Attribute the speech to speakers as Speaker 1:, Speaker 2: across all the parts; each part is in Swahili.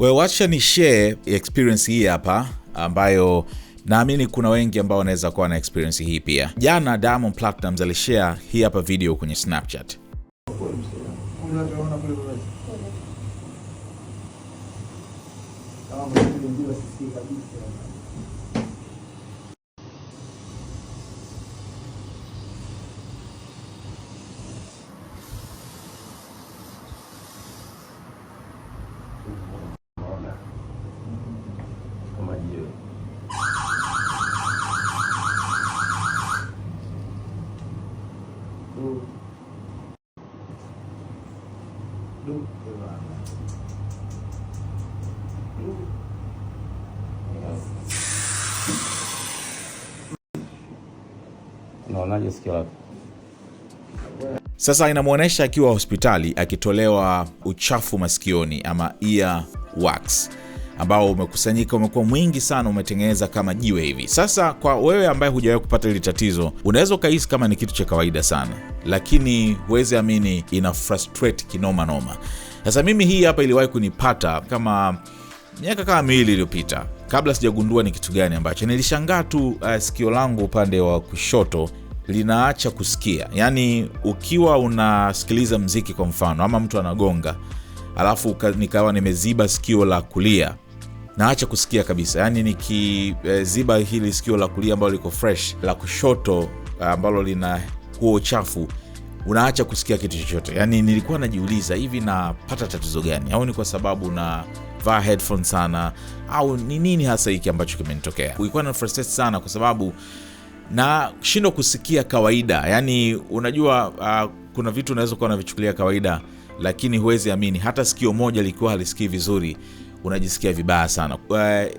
Speaker 1: Well, wacha ni share experience hii hapa ambayo naamini kuna wengi ambao wanaweza kuwa na experience hii pia. Jana Diamond Platnumz alishare hii hapa video kwenye Snapchat. Sasa inamwonyesha akiwa hospitali akitolewa uchafu masikioni ama ear wax ambao umekusanyika, umekuwa mwingi sana, umetengeneza kama jiwe hivi. Sasa kwa wewe ambaye hujawai kupata hili tatizo, unaweza ukahisi kama ni kitu cha kawaida sana, lakini huwezi amini, ina frustrate kinoma Sasa mimi hii hapa iliwahi kunipata kama miaka kama miwili iliyopita, kabla sijagundua ni kitu gani ambacho nilishangaa tu. Uh, sikio langu upande wa kushoto linaacha kusikia. Yaani, ukiwa unasikiliza mziki kwa mfano, ama mtu anagonga, alafu nikawa nimeziba sikio la kulia, naacha kusikia kabisa, yani nikiziba e, hili sikio la kulia ambalo liko fresh, la kushoto ambalo lina huo uchafu unaacha kusikia kitu chochote. yani nilikuwa najiuliza hivi, napata tatizo gani? Au ni kwa sababu na vaa headphone sana, au ni nini hasa hiki ambacho kimenitokea? Ulikuwa na sana, kwa sababu na shindwa kusikia kawaida. yani unajua, uh, kuna vitu unaweza kuwa unavichukulia kawaida, lakini huwezi amini, hata sikio moja likiwa halisikii vizuri unajisikia vibaya sana. Uh,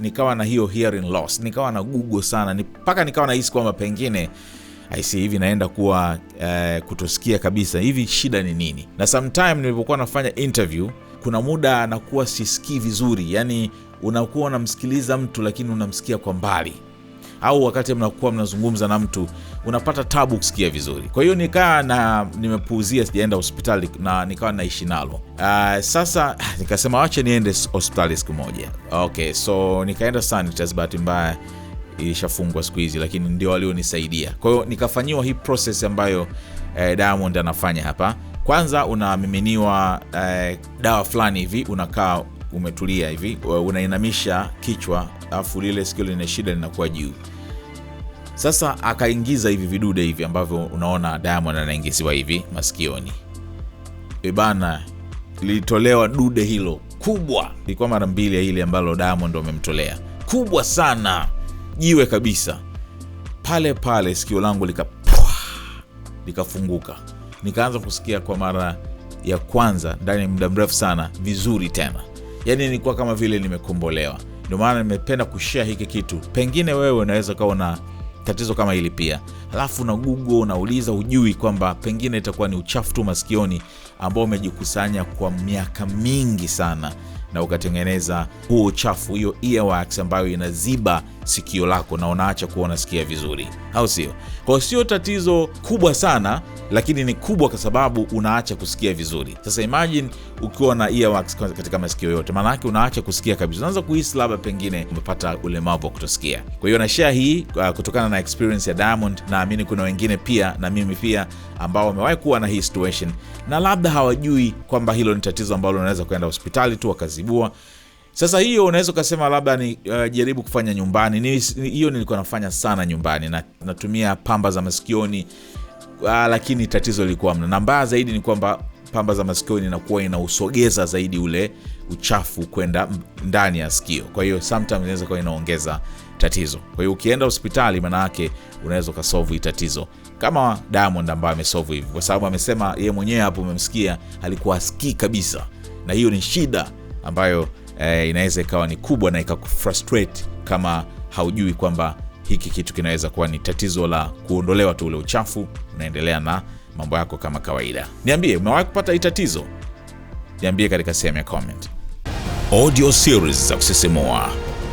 Speaker 1: nikawa na hiyo hearing loss, nikawa na gugo sana mpaka nikawa nahisi kwamba pengine aisi hivi naenda kuwa uh, kutosikia kabisa. Hivi shida ni nini? Na sometime nilipokuwa nafanya interview, kuna muda nakuwa sisikii vizuri, yani unakuwa unamsikiliza mtu lakini unamsikia kwa mbali au wakati mnakuwa mnazungumza na mtu unapata tabu kusikia vizuri. Kwa hiyo nikaa na nimepuuzia, sijaenda hospitali na nikawa naishi nalo. Uh, sasa ah, nikasema wache niende hospitali siku moja. Okay, so nikaenda Sanitas, bahati mbaya ilishafungwa siku hizi, lakini ndio walionisaidia. Kwa hiyo nikafanyiwa hii process ambayo eh, Diamond anafanya hapa. Kwanza unamiminiwa eh, dawa fulani hivi, unakaa umetulia hivi, unainamisha kichwa, alafu lile sikio lina shida linakuwa juu sasa akaingiza hivi vidude hivi ambavyo unaona Diamond anaingiziwa hivi masikioni. E bana, lilitolewa dude hilo kubwa, ilikuwa mara mbili ya ile ambalo Diamond amemtolea, kubwa sana, jiwe kabisa. Pale pale sikio langu lika likafunguka, nikaanza kusikia kwa mara ya kwanza ndani ya muda mrefu sana vizuri tena, yaani nilikuwa kama vile nimekombolewa. Ndio maana nimependa kushea hiki kitu, pengine wewe unaweza ukawa na tatizo kama hili pia. Halafu na Google unauliza, ujui kwamba pengine itakuwa ni uchafu tu masikioni ambao umejikusanya kwa miaka mingi sana na ukatengeneza huo uchafu, hiyo earwax ambayo inaziba sikio lako na unaacha kuwa unasikia vizuri, au sio? Kwa sio tatizo kubwa sana, lakini ni kubwa kwa sababu unaacha kusikia vizuri. Sasa imagine ukiwa na earwax katika masikio yote, maana yake unaacha kusikia kabisa, unaanza kuhisi labda pengine umepata ulemavu wa kutosikia. Kwa hiyo na share hii uh, kutokana na experience ya Diamond, naamini kuna wengine pia na mimi pia ambao wamewahi kuwa na hii situation na labda hawajui kwamba hilo ni tatizo ambalo unaweza kuenda hospitali tu wakazi kuzibua. Sasa hiyo unaweza ukasema labda ni uh, jaribu kufanya nyumbani. Ni ni, hiyo nilikuwa nafanya sana nyumbani na, natumia pamba za masikioni uh, lakini tatizo lilikuwa mna, na mbaya zaidi ni kwamba pamba za masikioni inakuwa inausogeza zaidi ule uchafu kwenda ndani ya sikio, kwa hiyo sometimes inaweza kuwa inaongeza tatizo. Kwa hiyo ukienda hospitali, maana yake unaweza ukasolve tatizo kama Diamond ambaye amesolve hivi, kwa sababu amesema yeye mwenyewe hapo, umemsikia alikuwa asikii kabisa, na hiyo ni shida ambayo eh, inaweza ikawa ni kubwa na ikakufrustrate kama haujui kwamba hiki kitu kinaweza kuwa ni tatizo la kuondolewa tu ule uchafu, unaendelea na mambo yako kama kawaida. Niambie, umewahi kupata hii tatizo? Niambie katika sehemu ya comment.
Speaker 2: Audio series za kusisimua,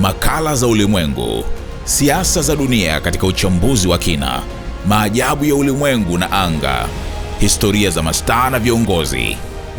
Speaker 2: makala za ulimwengu, siasa za dunia katika uchambuzi wa kina, maajabu ya ulimwengu na anga, historia za mastaa na viongozi